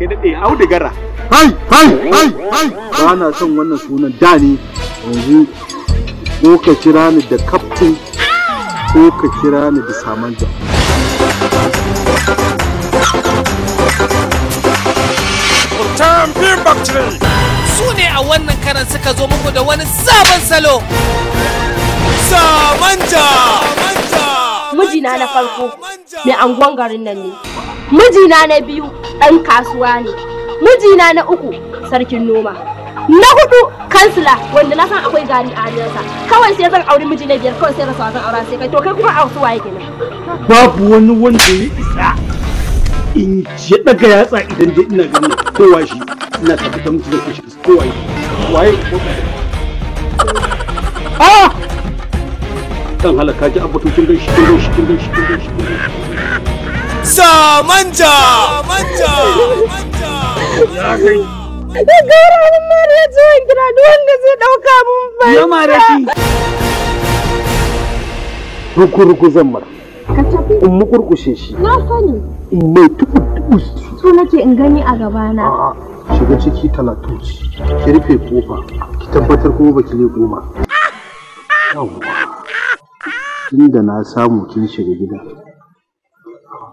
ranka daɗe audigara. Hai, hai, hai, hai. Ba na son wannan sunan da ne yanzu ko ka kira ni da kaftin ko ka kira ni da samanja. Champion Factory! Su ne a wannan karan suka zo muku da wani sabon salo. Samanja! Mijina na farko mai angon garin nan ne. mijina na biyu ɗan kasuwa ne mijina na uku sarkin noma na hudu kansila wanda na san akwai gari a hannunsa kawai sai zan auri miji na biyar kawai sai rasa zan aura sai kai to kai kuma a wasu waye nan babu wani wanda ya isa in ya daga yatsa idan dai ina ganin kowa shi ina tabbatar mutu da kashi kowa yi waye ah dan halaka ji abbatun kin shi kin shi kin gaishe kin manja manja manja manja Manja! kai da gaura zuwan gida duk wanda zai ɗauka mun bai ya mare ruku ruku zan mara ka tafi in mu shi na sani in mai so nake in gani a gabana shiga ciki talatin ki rufe kofa ki tabbatar kuma baki ne goma yawwa tunda na samu kin shiga gida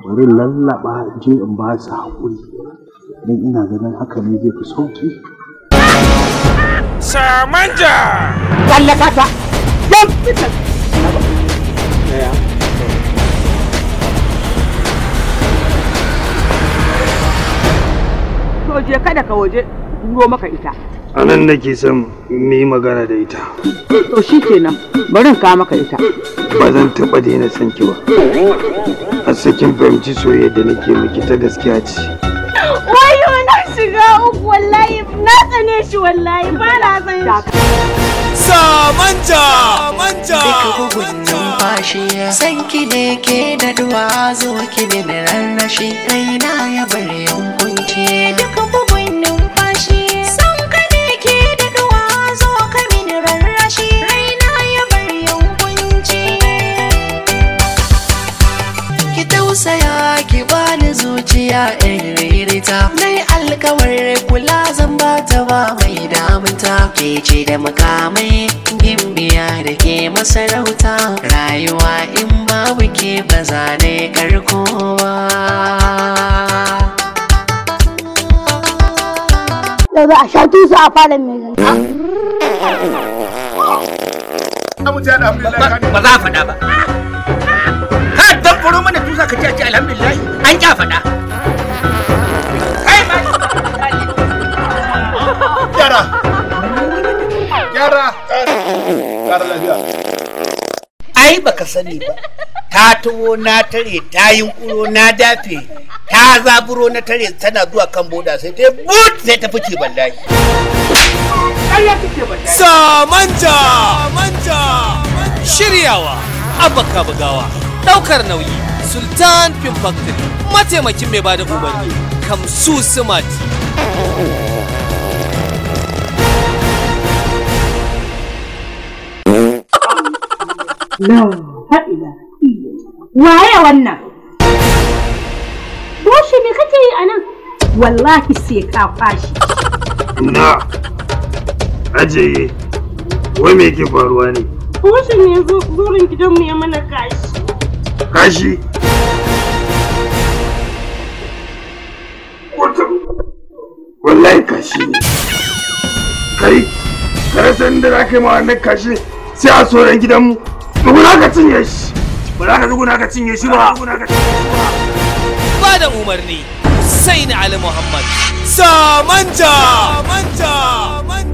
bari in lallaɓa in je in ba su haƙuri don ina ganin haka ne zai fi sauƙi. Samanja! Tsallaka ta! Yan fitar! Soje kada ka waje duro maka ita. A nan nake son mu yi magana da ita. To shi kenan, bari in ka maka ita. Ba zan taɓa daina son ki ba. a sakin fahimci soyayya da nake miki ta gaskiya ce wayo na shiga uku wallahi na tsane shi wallahi ba na san samanta manja san ki ne ke da duwa zo ki ne na kai raina ya bar yankunci duka ya ingirita nai alkawar kula zan ba ta ba mai damunta ke ce da makamai gimbiya da ke masarauta rayuwa in babu ke ba zane karkowa yau za a sha tusu a falon mai zanta. Ba za a faɗa ba. Ka dan furo mana tusa ka ce a ce alhamdulillah an ƙya faɗa. Ai baka sani ba. Ta tuwo na tare, ta yi kuro na dafe, ta zaburo na tare tana zuwa kan boda sai ta but sai ta fice ballahi. Samanja! Samanta Shiryawa, abaka bugawa, ɗaukar nauyi. sultan film factory mataimakin mai bada umarni kamsu simati waye wannan Boshi me kake yi a nan wallahi sai ka fashi na ajiye wai me ke faruwa ne Boshi ne zurin gidanmu ya mana kashi. Kashi? wallahi kashi ne kai kare san da za ka yi kashi sai a soran gidanmu duguna ka cinye shi ba za ka duguna ka cinye shi ba ba da umarni sai na ali muhammad samanta samanta